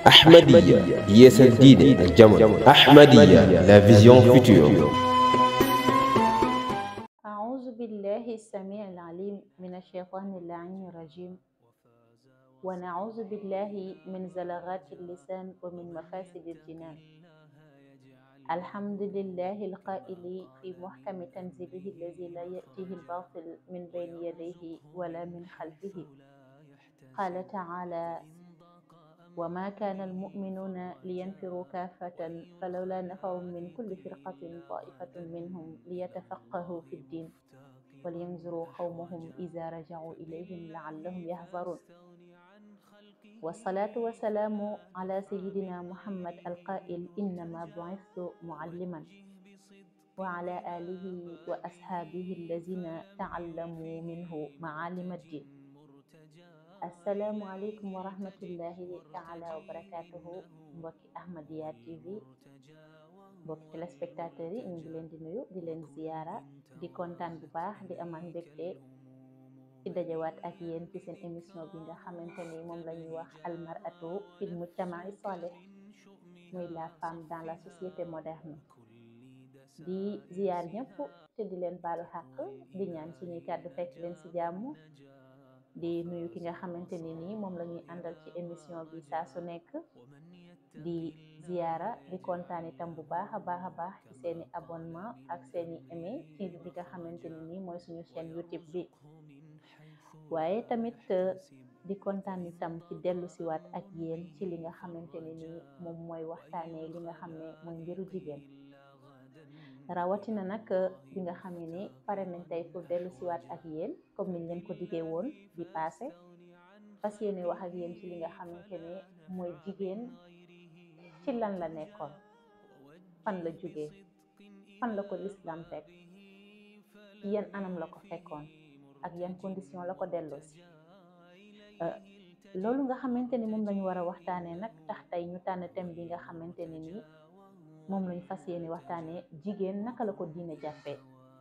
Ahmadiyya, ESLD, Jamon. Ahmadiyya, la vision future. أعوذ بالله السميع العليم من الشيطان اللعين الرجيم ونعوذ بالله من زلغات اللسان ومن مفاسد الجنان الحمد لله القائل في محكم تنزيله الذي لا يأتيه الباطل من بين يديه ولا من خلفه قال تعالى وما كان المؤمنون لينفروا كافة فلولا نفر من كل فرقة طائفة منهم ليتفقهوا في الدين ولينذروا قومهم إذا رجعوا إليهم لعلهم يحذرون والصلاة والسلام على سيدنا محمد القائل إنما بعثت معلما وعلى آله وأصحابه الذين تعلموا منه معالم الدين assalamualaikum warahmatullahi taala wabarakatuh. mbokki Ahmadiyya TV mbokki téléspectateurs yi ñu ngi leen di nuyu di leen ziyaara di kontaan bu baax di amaan mbégte ci dajawaat ak yéen ci seen émission almaratu fil mujtama'i salih muy la société moderne di ziarahnya pun te di leen baalu xàq di ñaan suñuy di nuyu ki nga xamante ni nii moom la bisa àndal ci émission bi saa su nekk di ziara di kontaan itam bu baax a baax ci seeni abonnement ak seeni aimé ci bi nga xamante ni nii suñu chaîne youtube bi waaye tamit di kontaan itam ci dellu siwaat ak yéen ci li nga xamante ni nii moom mooy waxtaanee li nga mbiru rawatina nag eh, bi nga xamee ni pare nañ tey pour dellu siwaat ak yéen comme niñ leen ko diggee woon bi passé fas yéene wax ak yéen ci li nga xamante ne mooy jigéen ci lan la nekkoon fan la jógee fan la ko lislaam teg yan anam la ko fekkoon ak yan condition la ko delloo si eh, loolu nga xamante ni moom lañu war a waxtaanee nag tax tey ñu tànn thème bi nga xamante ne ni moom lañ fas yéene waxtaanee jigéen naka la ko diine jàppee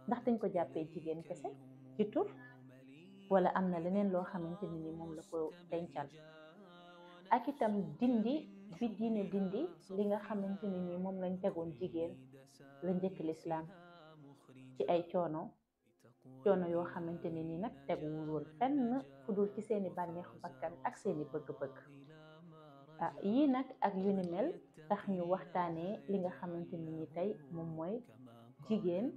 ndax dañ ko jàppee jigéen kese ci tur wala am na leneen loo xamante ne ni moom la ko dencal ak itam dindi bi diine dindi li nga xamante ne ni moom lañ tegoon jigéen la njëkk lislaam ci ay coono coono yoo xamante ne ni nag teguwul woon fenn fu dul ci seeni bànneexu bakkan ak seeni bëgg-bëgg ah yii nag ak yu ni mel tax ñu waxtaanee li nga xamante ni ñi tey moom mooy jigéen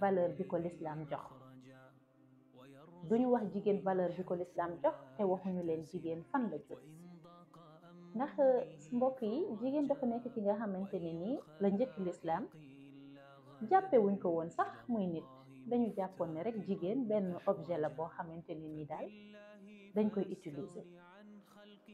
valeur bi ko lislaam jox ñu wax jigéen valeur bi ko lislaam jox te ñu leen jigéen fan la jóg ndax mbokk yi jigéen dafa nekk ki nga xamante ni la njëkk lislaam jàppewuñ ko woon sax muy nit dañu jàppoon ne rek jigéen benn objet la boo xamante ni nii daal dañ koy utiliser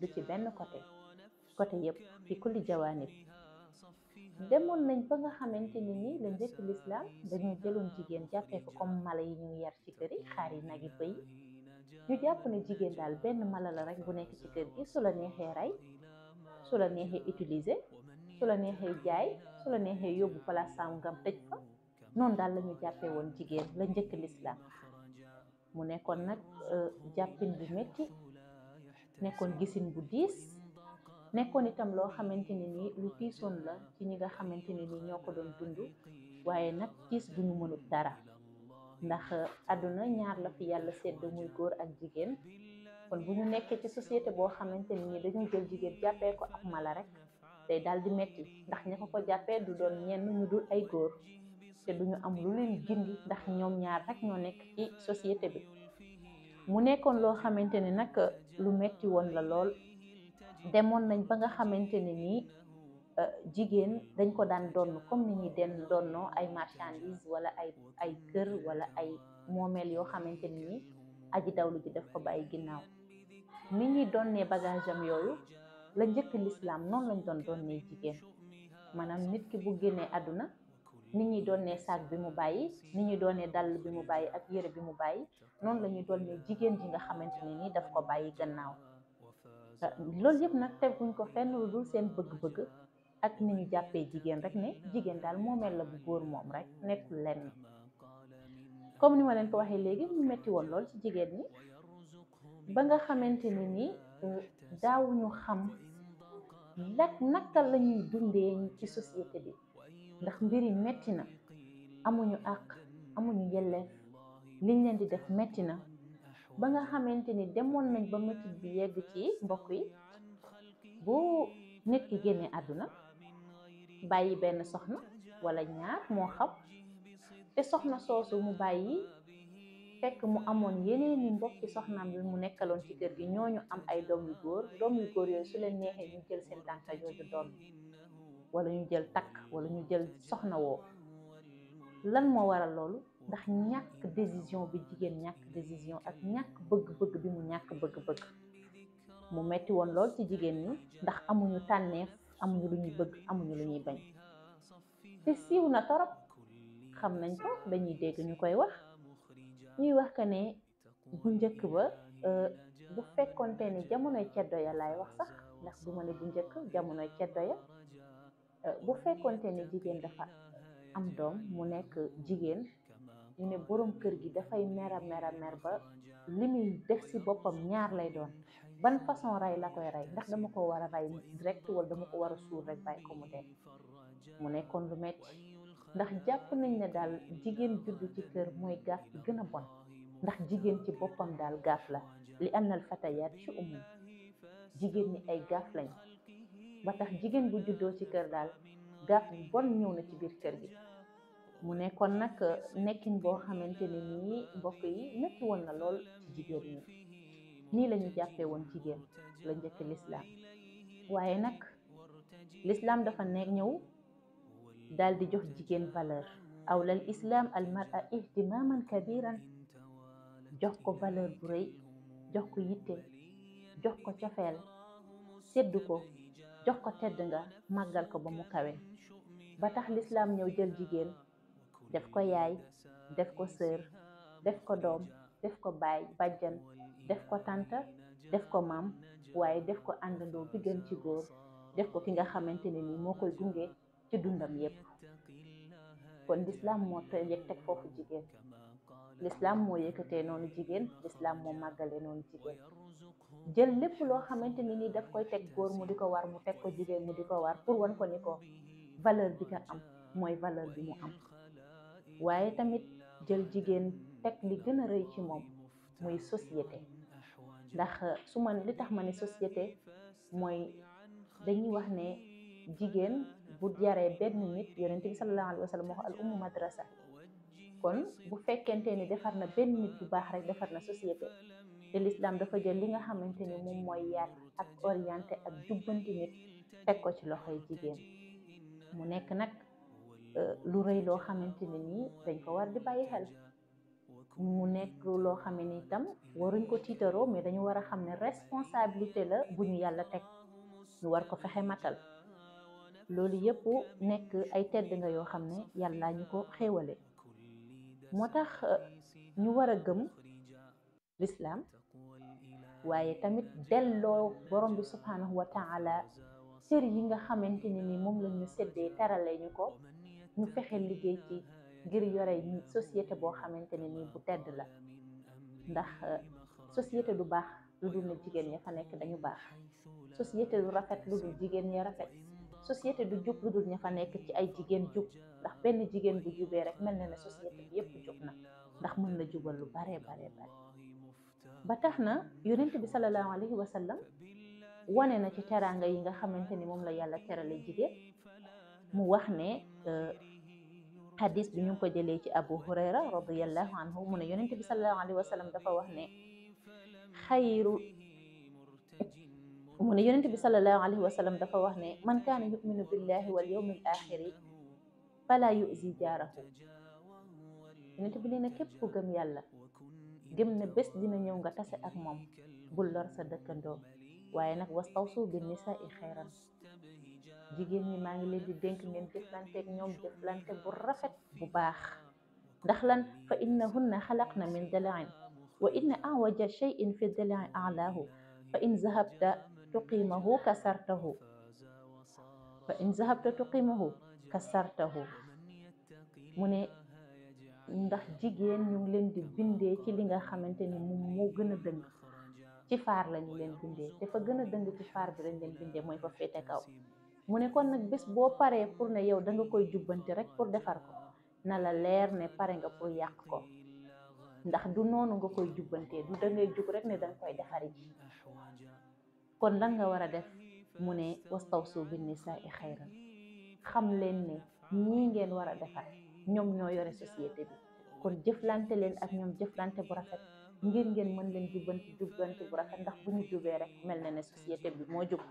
du ci benn côté côté yëpp ci kulli jawaanib demoon nañ ba nga xamante ni ni la njëkk lislaam dañu jëloon jigéen jàppee ko comme mala yi ñuy yar ci kër yi xaar yi nag yi bëy ñu jàpp ne jigéen daal benn mala la rek bu nekk ci kër gi su la neexee rey su la neexee utiliser su la neexee jaay su la neexee yóbbu place sam ngam tëj fa noonu daal la jàppee woon jigéen la njëkk lislaam mu nekkoon nag euh, jàppin bu métti nekkoon gisin bu diis nekkoon itam loo xamante ne nii lu tiisoon la ci ñi nga xamante ne nii ñoo ko doon dund waaye nag tiis bu ñu mënut dara ndax uh, àdduna ñaar la fi yàlla sedd muy góor ak jigéen kon bu ñu nekkee ci société boo xamante ne dañu jël jigéen jàppee ko ab mala rek day daal di metti ndax ña ko ko jàppee du doon ñenn ñu dul ay góor te duñu am lu leen gindi ndax ñoom ñaar rek ñoo nekk ci société bi mu nekkoon loo xamante nag lu metti woon la lool demoon nañ ba nga xamante ne nii euh, jigéen dañ ko daan donn comme ni ñuy den donnoo ay marchandise wala ay ay kër wala ay moomeel yoo xamante ne nii aji dawlu ji def ko ay ginnaaw ni ñuy donnee bagage am yooyu la njëkk lislaam noon lañ doon donnee jigéen maanaam nit ki bu génnee àdduna ni doon doonee saag bi mu bàyyi ni ñuy doonee dàll bi mu bàyyi ak yére bi mu bàyyi noonu la ñuy doonee jigéen ji nga xamante ne ni daf ko bàyyi gannaaw loolu yëpp nag teguñ ko fenn lu dul seen bëgg ak ni ñu jàppee jigéen rek ne jigéen daal moomeel la bu góor moom rek nekkul lenn comme ni ma leen ko waxee léegi mu metti ci jigéen ñi ba nga xamante ne ni daawuñu xam nag naka la ñuy dundee ci société bi. ndax mbir yi metti na amuñu àq amuñu yelleef liñ leen di def metti na ba nga xamante ni demoon nañ ba mettit bi yegg ci mbokk yi bu nit ki génnee àdduna bàyyi benn soxna wala ñaar moo xam te soxna soosu mu bàyyi fekk mu amoon yeneen i mbokki soxnaam yi mu nekkaloon ci kër gi ñooñu am ay doom yu góor doom yu góor yooyu su leen neexee ñu jël seen tànka jooju doom wala ñu jël takk wala ñu jël soxna woo lan moo waral loolu ndax ñàkk décision bi jigéen ñàkk décision ak ñàkk bëgg-bëgg bi mu ñàkk bëgg-bëgg mu metti woon lool ci jigéen ñi ndax amuñu tànneef amuñu lu ñuy bëgg amuñu lu ñuy bañ te siiw na torop xam nañ ko dañuy dégg ñu koy wax ñuy wax que ne bu njëkk ba euh, bu fekkonte ne jamonoy ceddo ya laay wax sax ndax du ma ne bu njëkk jamonoy ceddo ya Euh, bu fekkonte ne jigéen dafa euh, am doom mu nekk jigéen ñu ne borom kër gi dafay mera meram mer ba li muy def ci boppam ñaar lay doon ban façon rey la koy rey ndax dama ko war a rey direct wala dama ko war a suur rek bàyyi ko mu dee mu nekkoon lu metti ndax jàpp nañ ne daal jigéen juddu ci kër mooy gaaf bi gën a bon ndax jigéen ci boppam daal gaaf la li annal fatayat ci umum jigéen ñi ay gaaf lañ ba tax jigéen bu juddoo ci kër daal gàf bu ñëw na ci biir kër gi mu nekkoon nag euh, nekkin boo xamante ne nii mbokk yi métti woon na lool ci jigéen ñi nii la jàppee woon jigéen la njëkk lislaam waaye nag lislaam dafa nekk ñëw daal di jox jigéen valeur awla al islam al mar'a kabiran jox ko valeur bu rëy jox ko yitte jox ko cofeel sedd ko jox ko tedd nga màggal ko ba mu kawe ba tax lislaam ñëw jël jigéen def ko yaay def ko sër def ko doom def ko baay bàjjan def ko tànta def ko maam waaye def ko àndandoo bi gën ci góor def ko ki nga xamante ne nii moo koy gunge ci dundam yépp kon lislaam moo teg teg foofu moo yëkkatee noonu jigéen lislaam moo màggalee noonu jigéen jël lépp loo xamante ni nii daf koy teg góor mu di ko war mu teg ko jigéen mu di ko war pour wan ko ni ko valeur bi nga am mooy valeur bi mu am waaye tamit jël jigéen teg li gën a rëy ci moom muy société ndax su ma li tax ma ne société mooy dañuy wax ne jigéen bu jaree benn nit yonent bi sallallahu alayhi wa sallam wax al ummu madrasa kon bu fekkente ni defar na benn nit bu baax rek defar na société lislaam dafa jël li nga xamante ni moom mooy yar ak orienté ak jubbanti nit teg ko ci loxoy jigéen mu nekk nag euh, lu rëy loo xamante ne nii dañ ko war di bàyyi xel mu nekk loo xam ne itam waruñ ko tiitaroo mais dañu war a xam ne responsabilité la bu ñu yàlla teg ñu war ko fexe matal loolu yëpp nekk ay tedd nga yoo xam ne yàlla ñu ko xéewale moo tax euh, ñu war a gëm l'islam waaye tamit delloo borom bi subhanahu wa taala cër yi nga xamante ne ni moom la ñu séddee tarale ñu ko ñu fexe liggéey ci ngir yore société boo xamante ne ni bu tedd la ndax euh, société du baax lu dul ne jigéen ña ya fa nekk dañu baax société du rafet lu dul jigéen ña ya rafet société du jub lu dul ña fa nekk ci ay jigéen jub ndax benn jigéen bu jubee rek mel na ne société bi yépp jub na ndax mën na jubal lu baree baree bare ba tax na yonent bi sallallahu alayhi wa sallam wane na ci teraanga yi nga xamante ni moom la yàlla terale jigéen mu wax ne euh, xadis bi ñu ngi ko jëlee ci abu hurayra radiallahu anhu mu ne yonent bi sallallahu alayhi wa sallam dafa wax ne xayru bi sallallahu alayhi wa sallam dafa wax ne man kaana yuminu billahi wal yawmi al fala yuzi jaarahu yonent bi nee na képp ku gëm yàlla gemna bés dina ñëw nga tassé ak mom bu lor sa dekkando waye nak wastawsu bin nisaa i xeyran jigéen ñi ma ngi leen di dénk ngeen ñom def jëflante bu rafet bu baax ndax lan fa innahunna khalaqna min dalain wa inna awaja shay'in fi dala'i a'lahu fa in zahabta tuqimahu kasartahu fa in zahabta tuqimahu kasartahu mune ndax jigéen ñu ngi leen di bindee ci li nga xamante ni moom moo gën a dëng ci faar lañu leen bindee te fa gën a dëng ci faar bi lañ leen bindee mooy fa féete kaw mu ne kon nag bés boo paree pour ne yow danga koy jubbanti rek pour defar ko na la leer ne pare nga pour yàq ko ndax du noonu nga koy jubbantee du da ngay jug rek ne danga koy defar ji kon lan nga war a def mu ne wastawsu bin nisaa i xayran xam leen ne ñii ngeen war a defar ñoom ñoo yore société bi kon jëflante leen ak ñoom jëflante bu rafet ngir ngeen mën leen jubbanti jubbanti bu rafet ndax bu ñu jubee rek mel na ne société bi moo jub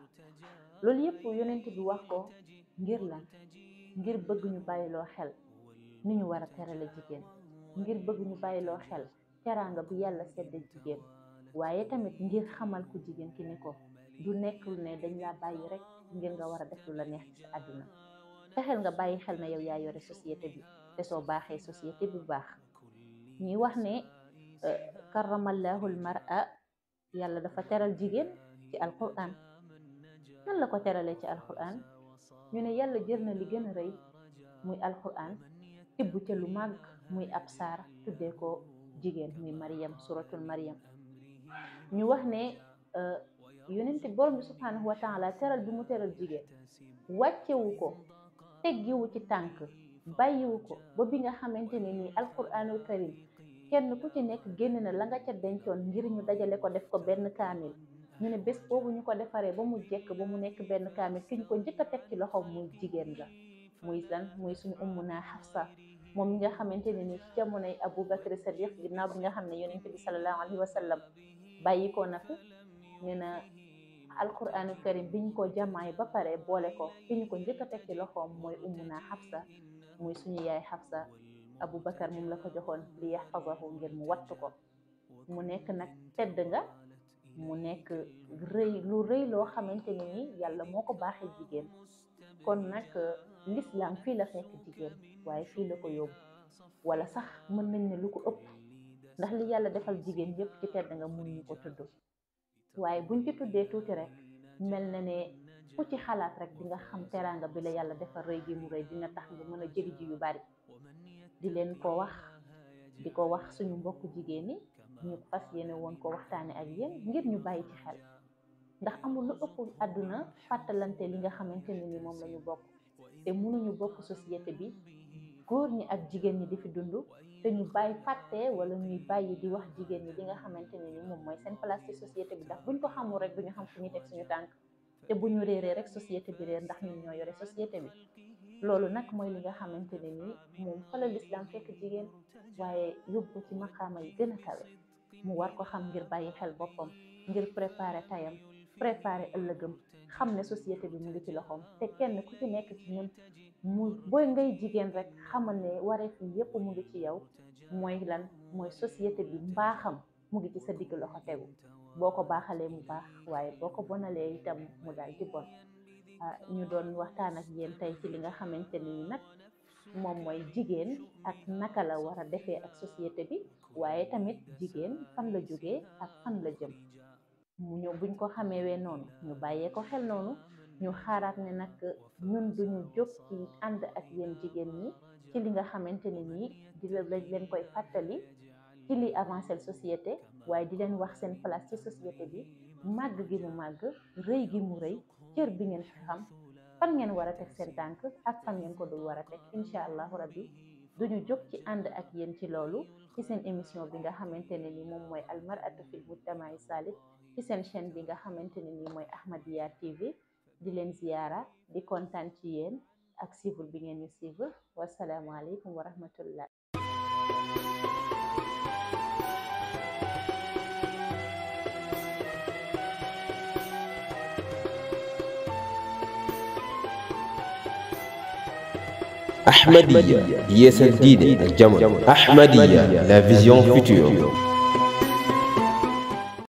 loolu yëpp yonent bi wax ko ngir lan ngir bëgg ñu loo xel ni ñu war a terale jigéen ngir bëgg ñu bàyyiloo xel teraanga bu yàlla sedd jigéen waaye tamit ngir xamal ku jigéen ki ni ko du nekkul ne dañ laa bàyyi rek ngir nga war a def la neex ci àdduna fexeel nga bàyyi xel na yow yaa yore société bi te soo baaxee société bu baax ñuy wax ne karamallahu al mar'a yàlla dafa teral jigéen ci alquran nan la ko teralee ci alquran ñu ne yàlla jër na li gën a rëy muy alquran tibb ca lu màgg muy ab saar tuddee jigéen muy Maryam suratul Maryam ñu wax ne yonent borom bi subhanahu wa taala teral bi mu teral jigéen wàccewu ko teggiwu ci tànk bàyyiwu ko ba bi nga xamante ne nii alqouranul karim kenn ku ci nekk génn na la nga ca dencoon ngir ñu dajale ko def ko benn kaamil ñu ne bés boobu ñu ko defaree ba mu jekk ba mu nekk benn kaamil ki ñu ko njëkk a teg ci loxo muy jigéen la muy lan muy suñu ummu naa Xafsa moom mi nga xamante ne nii ci jamonoy aboubacar Sadiq ginnaaw bi nga xam ne yonent bi salallahu alayhi wa sallam bàyyi ko na fi ne na alqouranul karim bi ñu ko jamaay ba pare boole ko ki ñu ko njëkk a teg ci loxoom mooy ummu naa Xafsa muy suñu yaay Xafsa Aboubacar moom la ko joxoon li yaxfazahu ngir mu wattu ko mu nekk nag tedd nga mu nekk rëy lu rëy loo xamante ne ni yàlla moo ko baaxe jigéen kon nag euh, lislaam fii la fekk jigéen waaye fii la ko yóbbu wala sax mën nañ ne lu ko ëpp ndax li yàlla defal jigéen yépp ci tedd nga mënuñu ko tudd waaye buñ ci tuddee tuuti rek mel na ne ku ci xalaat rek di nga xam teraanga bi la yàlla defal rëy gi mu dina tax nga mën a ji yu bari di len ko wax di ko wax suñu mbokk jigéen ñu fas yéene woon ko waxtaane ak yéen ngir ñu bàyyi ci xel ndax amul lu ëpp àdduna fàttalante li nga ni moom la ñu te mënuñu bokk société bi góor ñi ak ñi di fi dund te ñu bàyyi fàtte wala ñuy bàyyi di wax jigéen ñi li nga xamante ni moom mooy seen place ci société bi ndax buñ ko xamul rek duñu xam fu ñu suñu te bu ñu réeree rek société bi réer ndax ñun ñoo yore société bi loolu nag mooy li nga xamante ne ni moom fa la lislaam fekk jigéen waaye yóbbu ci maqaama yi gën a kawe mu war ko xam ngir bàyyi xel boppam ngir préparer tayam préparer ëllëgam xam ne société bi mu ngi ci loxoom te kenn ku ci nekk ci ñun mu booy ngay jigéen rek xamal ne waree fi yépp mu ngi ci yow mooy lan mooy société bi mbaaxam mu ngi ci sa digg loxo tegu boo ko baaxalee mu baax waaye boo ko bonalee itam mu daal di ah, ñu doon waxtaan ak yéen tey ci li nga xamante ni nag moom mooy jigéen ak naka la war a defee ak société bi waaye tamit jigéen fan la jógee ak fan jëm buñ ko xamewee noonu ñu bàyyee ko xel noonu ñu xaaraat ne nag ñun ñu jóg ci ànd ak yéen jigéen ñi ci li nga xamante ni nii di leen koy fàttali ci li avancé société waaye di leen wax seen place ci société bi màgg gi mu màgg rëy gi mu rëy cër bi ngeen xam fan ngeen war a teg seen tànk ak fan ngeen ko dul war a teg incha allahu rabbi duñu jóg ci ànd ak yéen ci loolu ci seen émission bi nga xamante ne ni moom mooy almaratu fil mujtama'i salih ci seen chaîne bi nga xamante ne ni mooy Ahmadiyya TV di leen ziyaara di kontaan ci yéen ak suivre bi ngeen ñu suivre wasalaamualeykum wa rahmatullah أحمدية هي سنتيدة الجمل أحمدية لا فيزيون فيتور